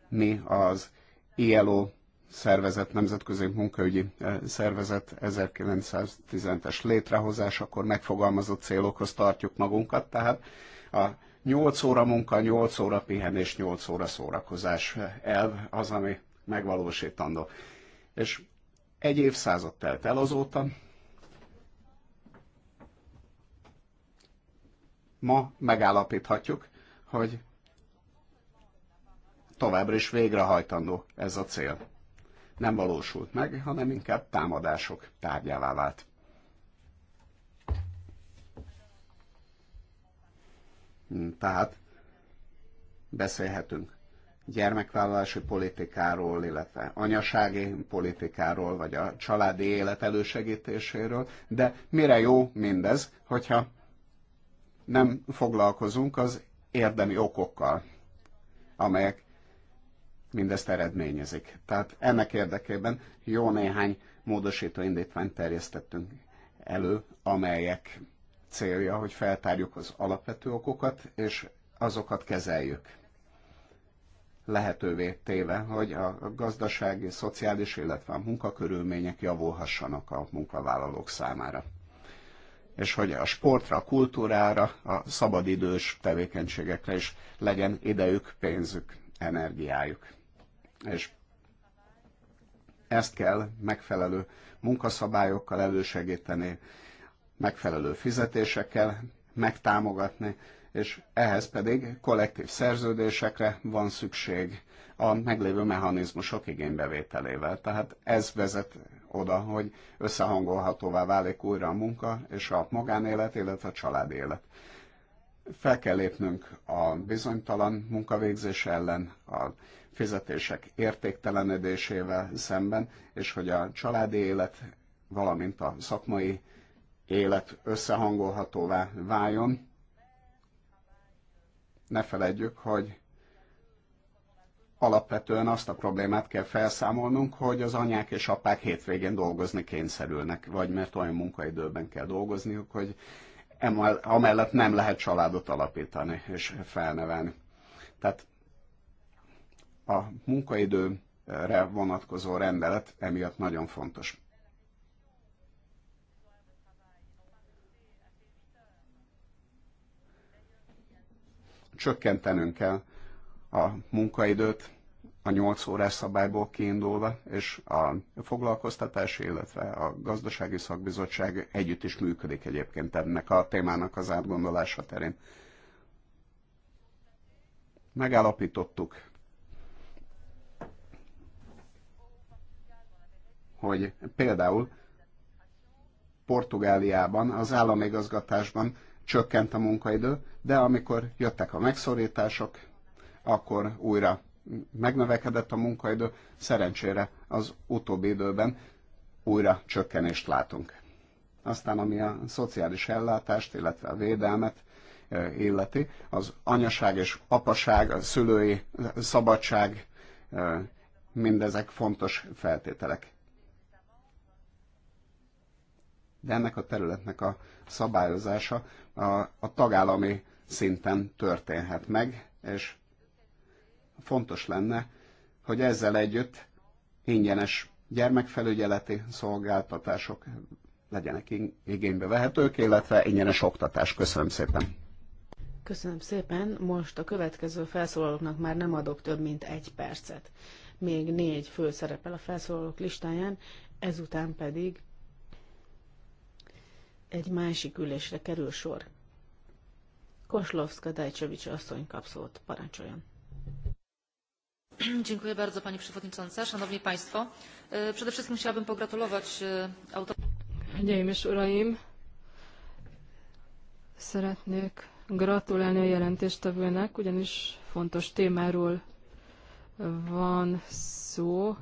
mi az ILO szervezet, nemzetközi munkaügyi eh, szervezet 1910-es akkor megfogalmazott célokhoz tartjuk magunkat, tehát a 8 óra munka, 8 óra pihenés, 8 óra szórakozás elv az, ami megvalósítandó. És egy évszázad telt el azóta, ma megállapíthatjuk, hogy továbbra is végrehajtandó ez a cél. Nem valósult meg, hanem inkább támadások tárgyává vált. Mm, tehát beszélhetünk gyermekvállalási politikáról, illetve anyasági politikáról, vagy a családi élet elősegítéséről, de mire jó mindez, hogyha nem foglalkozunk az érdemi okokkal, amelyek mindezt eredményezik. Tehát ennek érdekében jó néhány módosító indítványt terjesztettünk elő, amelyek célja, hogy feltárjuk az alapvető okokat, és azokat kezeljük. Lehetővé téve, hogy a gazdasági, szociális, illetve a munkakörülmények javulhassanak a munkavállalók számára. És hogy a sportra, a kultúrára, a szabadidős tevékenységekre is legyen idejük, pénzük, energiájuk. És ezt kell megfelelő munkaszabályokkal elősegíteni, megfelelő fizetésekkel megtámogatni, és ehhez pedig kollektív szerződésekre van szükség a meglévő mechanizmusok igénybevételével. Tehát ez vezet oda, hogy összehangolhatóvá válik újra a munka és a magánélet, illetve a család élet. Fel kell lépnünk a bizonytalan munkavégzés ellen, a fizetések értéktelenedésével szemben, és hogy a családi élet, valamint a szakmai élet összehangolhatóvá váljon. Ne feledjük, hogy alapvetően azt a problémát kell felszámolnunk, hogy az anyák és apák hétvégén dolgozni kényszerülnek, vagy mert olyan munkaidőben kell dolgozniuk, hogy amellett nem lehet családot alapítani és felnevelni. Tehát a munkaidőre vonatkozó rendelet emiatt nagyon fontos. csökkentenünk kell a munkaidőt a 8 órás szabályból kiindulva, és a foglalkoztatási, illetve a gazdasági szakbizottság együtt is működik egyébként ennek a témának az átgondolása terén. Megállapítottuk, hogy például Portugáliában az államigazgatásban csökkent a munkaidő, de amikor jöttek a megszorítások, akkor újra megnövekedett a munkaidő, szerencsére az utóbbi időben újra csökkenést látunk. Aztán ami a szociális ellátást, illetve a védelmet illeti, az anyaság és apaság, a szülői szabadság, mindezek fontos feltételek de ennek a területnek a szabályozása a, a tagállami szinten történhet meg, és fontos lenne, hogy ezzel együtt ingyenes gyermekfelügyeleti szolgáltatások legyenek igénybe vehetők, illetve ingyenes oktatás. Köszönöm szépen! Köszönöm szépen. Most a következő felszólalóknak már nem adok több, mint egy percet. Még négy fő szerepel a felszólalók listáján, ezután pedig egy másik ülésre kerül sor. Koslovska Dajcsevics asszony kap szót, parancsoljon. Dziękuję bardzo Pani Przewodnicząca, Szanowni Państwo. E, przede wszystkim chciałabym pogratulować e, autorom. és Uraim, szeretnék gratulálni a jelentéstevőnek, ugyanis fontos témáról van szó,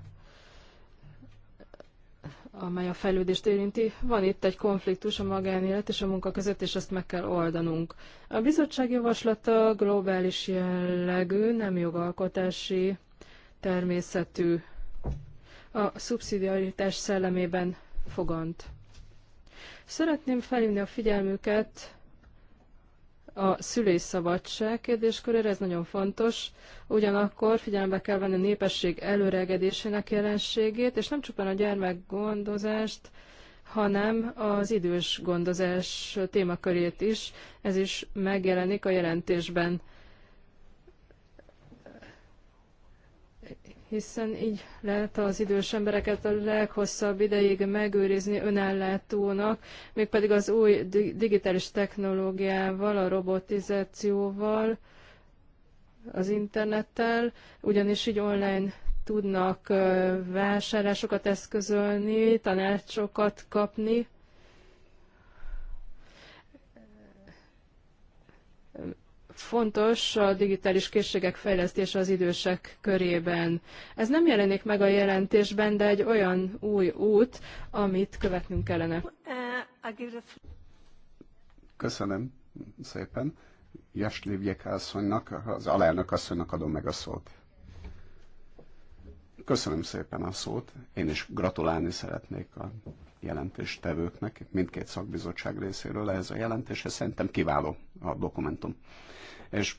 amely a fejlődést érinti. Van itt egy konfliktus a magánélet és a munka között, és ezt meg kell oldanunk. A bizottság javaslata globális jellegű, nem jogalkotási természetű, a szubszidiaritás szellemében fogant. Szeretném felhívni a figyelmüket a szülés szabadság kérdéskörére, ez nagyon fontos. Ugyanakkor figyelembe kell venni a népesség előregedésének jelenségét, és nem csupán a gyermekgondozást, hanem az idős gondozás témakörét is. Ez is megjelenik a jelentésben. hiszen így lehet az idős embereket a leghosszabb ideig megőrizni önellátónak, mégpedig az új digitális technológiával, a robotizációval, az internettel, ugyanis így online tudnak vásárlásokat eszközölni, tanácsokat kapni, fontos a digitális készségek fejlesztése az idősek körében. Ez nem jelenik meg a jelentésben, de egy olyan új út, amit követnünk kellene. Köszönöm szépen. Jaslivjek asszonynak, az alelnök asszonynak adom meg a szót. Köszönöm szépen a szót. Én is gratulálni szeretnék a jelentéstevőknek, mindkét szakbizottság részéről ehhez a jelentéshez. Szerintem kiváló a dokumentum és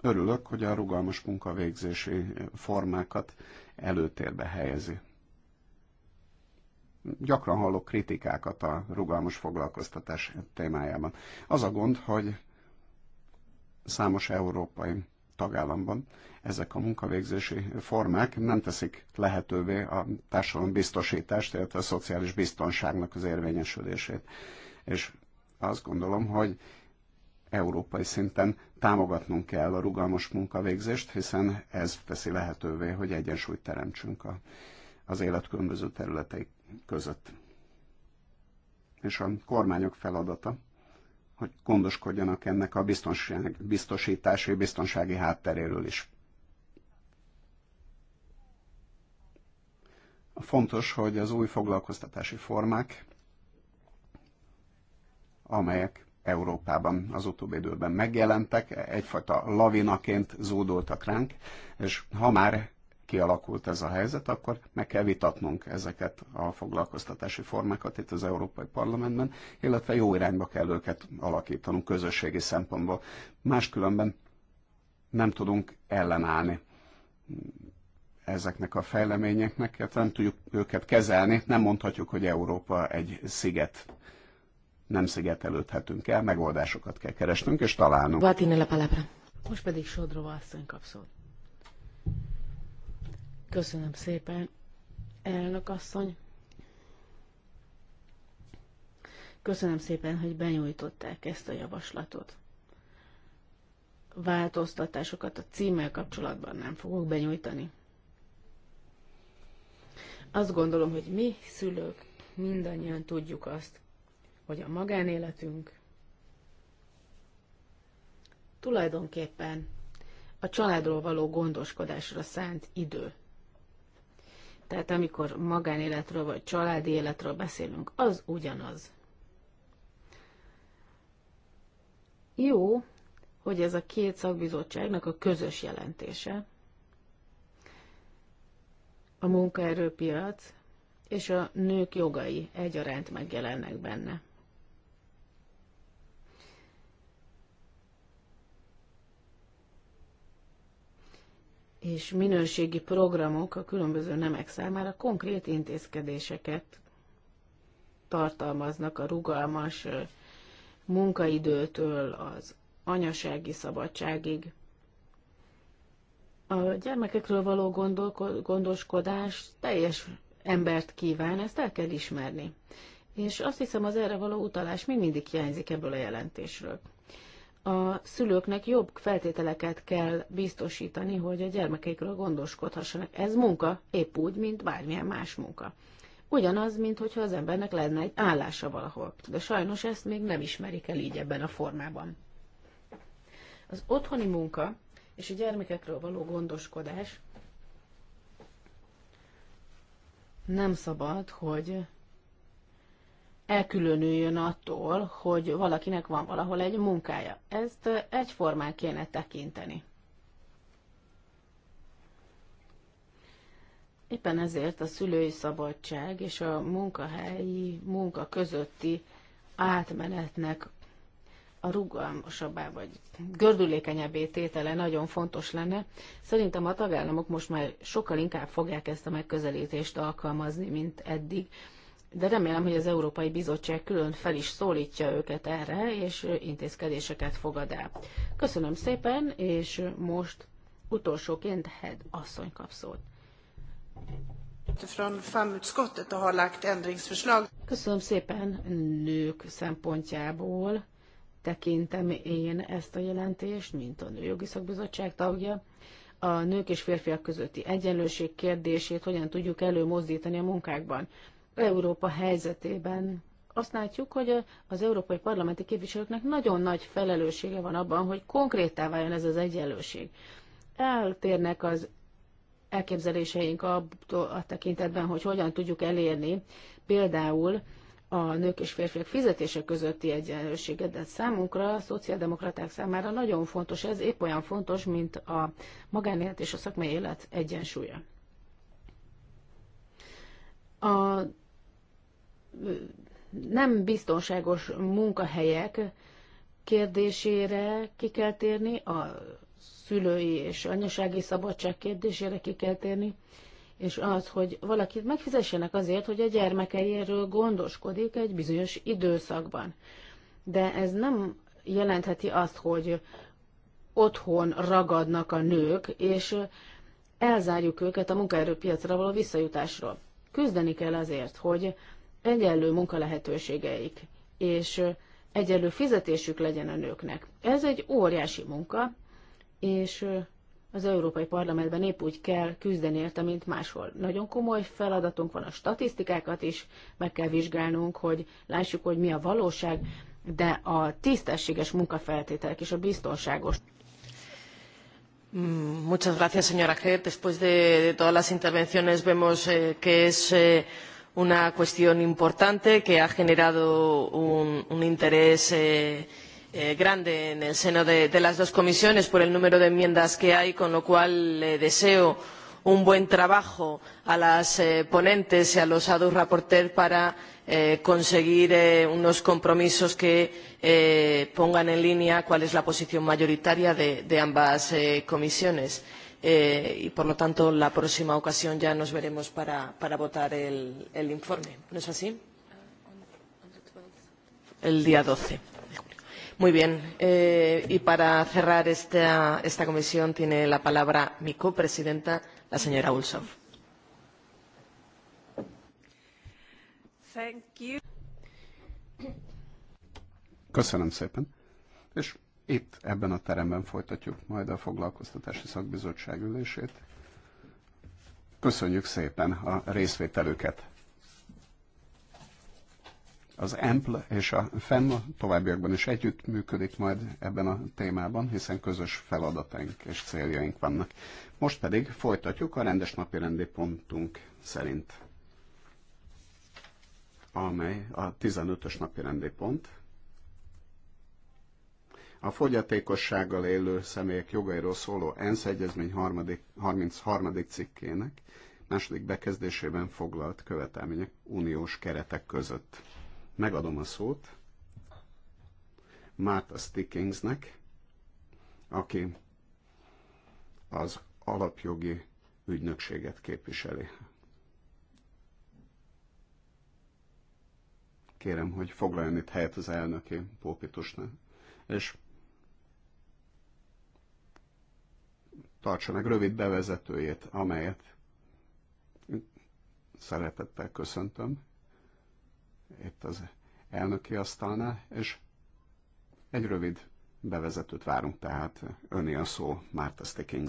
örülök, hogy a rugalmas munkavégzési formákat előtérbe helyezi. Gyakran hallok kritikákat a rugalmas foglalkoztatás témájában. Az a gond, hogy számos európai tagállamban ezek a munkavégzési formák nem teszik lehetővé a társadalom biztosítást, illetve a szociális biztonságnak az érvényesülését. És azt gondolom, hogy európai szinten támogatnunk kell a rugalmas munkavégzést, hiszen ez teszi lehetővé, hogy egyensúlyt teremtsünk a, az élet különböző területei között. És a kormányok feladata, hogy gondoskodjanak ennek a biztonság, biztosítási, biztonsági hátteréről is. Fontos, hogy az új foglalkoztatási formák, amelyek Európában az utóbbi időben megjelentek, egyfajta lavinaként zúdultak ránk, és ha már kialakult ez a helyzet, akkor meg kell vitatnunk ezeket a foglalkoztatási formákat itt az Európai Parlamentben, illetve jó irányba kell őket alakítanunk közösségi szempontból. Máskülönben nem tudunk ellenállni ezeknek a fejleményeknek, nem tudjuk őket kezelni, nem mondhatjuk, hogy Európa egy sziget nem szigetelődhetünk el, megoldásokat kell keresnünk és találnunk. Most pedig Sodrova asszony kap szót. Köszönöm szépen, elnök asszony. Köszönöm szépen, hogy benyújtották ezt a javaslatot. Változtatásokat a címmel kapcsolatban nem fogok benyújtani. Azt gondolom, hogy mi szülők mindannyian tudjuk azt, hogy a magánéletünk tulajdonképpen a családról való gondoskodásra szánt idő. Tehát amikor magánéletről vagy családi életről beszélünk, az ugyanaz. Jó, hogy ez a két szakbizottságnak a közös jelentése, a munkaerőpiac és a nők jogai egyaránt megjelennek benne. és minőségi programok a különböző nemek számára konkrét intézkedéseket tartalmaznak a rugalmas munkaidőtől az anyasági szabadságig. A gyermekekről való gondoskodás teljes embert kíván, ezt el kell ismerni. És azt hiszem, az erre való utalás még mindig hiányzik ebből a jelentésről a szülőknek jobb feltételeket kell biztosítani, hogy a gyermekeikről gondoskodhassanak. Ez munka, épp úgy, mint bármilyen más munka. Ugyanaz, mint hogyha az embernek lenne egy állása valahol. De sajnos ezt még nem ismerik el így ebben a formában. Az otthoni munka és a gyermekekről való gondoskodás nem szabad, hogy elkülönüljön attól, hogy valakinek van valahol egy munkája. Ezt egyformán kéne tekinteni. Éppen ezért a szülői szabadság és a munkahelyi munka közötti átmenetnek a rugalmasabbá vagy gördülékenyebbé tétele nagyon fontos lenne. Szerintem a tagállamok most már sokkal inkább fogják ezt a megközelítést alkalmazni, mint eddig, de remélem, hogy az Európai Bizottság külön fel is szólítja őket erre, és intézkedéseket fogad el. Köszönöm szépen, és most utolsóként Head asszony kap szót. Köszönöm szépen nők szempontjából tekintem én ezt a jelentést, mint a Nőjogi Szakbizottság tagja. A nők és férfiak közötti egyenlőség kérdését hogyan tudjuk előmozdítani a munkákban. Európa helyzetében azt látjuk, hogy az európai parlamenti képviselőknek nagyon nagy felelőssége van abban, hogy konkrétá váljon ez az egyenlőség. Eltérnek az elképzeléseink a, a tekintetben, hogy hogyan tudjuk elérni például a nők és férfiak fizetése közötti egyenlőséget, de számunkra, a szociáldemokraták számára nagyon fontos ez, épp olyan fontos, mint a magánélet és a szakmai élet egyensúlya. A nem biztonságos munkahelyek kérdésére ki kell térni, a szülői és anyasági szabadság kérdésére ki kell térni, és az, hogy valakit megfizessenek azért, hogy a gyermekeiről gondoskodik egy bizonyos időszakban. De ez nem jelentheti azt, hogy otthon ragadnak a nők, és elzárjuk őket a munkaerőpiacra való visszajutásról. Küzdeni kell azért, hogy egyenlő munkalehetőségeik és egyenlő fizetésük legyen a nőknek. Ez egy óriási munka, és az Európai Parlamentben épp úgy kell küzdeni érte, mint máshol. Nagyon komoly feladatunk van, a statisztikákat is meg kell vizsgálnunk, hogy lássuk, hogy mi a valóság, de a tisztességes munkafeltételek és a biztonságos. Muchas gracias, señora G. Después de, de todas las intervenciones vemos eh, que es eh, una cuestión importante que ha generado un, un interés eh, eh, grande en el seno de, de las dos comisiones por el número de enmiendas que hay, con lo cual le eh, deseo un buen trabajo a las eh, ponentes y a los ponentes alternativos para eh, conseguir eh, unos compromisos que eh, pongan en línea cuál es la posición mayoritaria de, de ambas eh, comisiones. por eh, y por lo tanto la próxima ocasión ya nos veremos para, para votar el, el informe. ¿No es así? El día 12. Muy bien. Eh, y para cerrar esta, esta comisión tiene la palabra mi copresidenta, la señora Ulsov. Köszönöm szépen. És itt, ebben a teremben folytatjuk majd a foglalkoztatási szakbizottság ülését. Köszönjük szépen a részvételüket! az EMPL és a FEM a továbbiakban is együttműködik majd ebben a témában, hiszen közös feladataink és céljaink vannak. Most pedig folytatjuk a rendes napi rendi pontunk szerint, amely a 15-ös napi rendi pont, a fogyatékossággal élő személyek jogairól szóló ENSZ egyezmény harmadik, 33. cikkének második bekezdésében foglalt követelmények uniós keretek között. Megadom a szót Márta Stickingsnek, aki az alapjogi ügynökséget képviseli. Kérem, hogy foglaljon itt helyet az elnöki pópitusnál. És meg rövid bevezetőjét, amelyet szeretettel köszöntöm itt az elnöki asztalnál, és egy rövid bevezetőt várunk, tehát öné a szó Márta Stickings.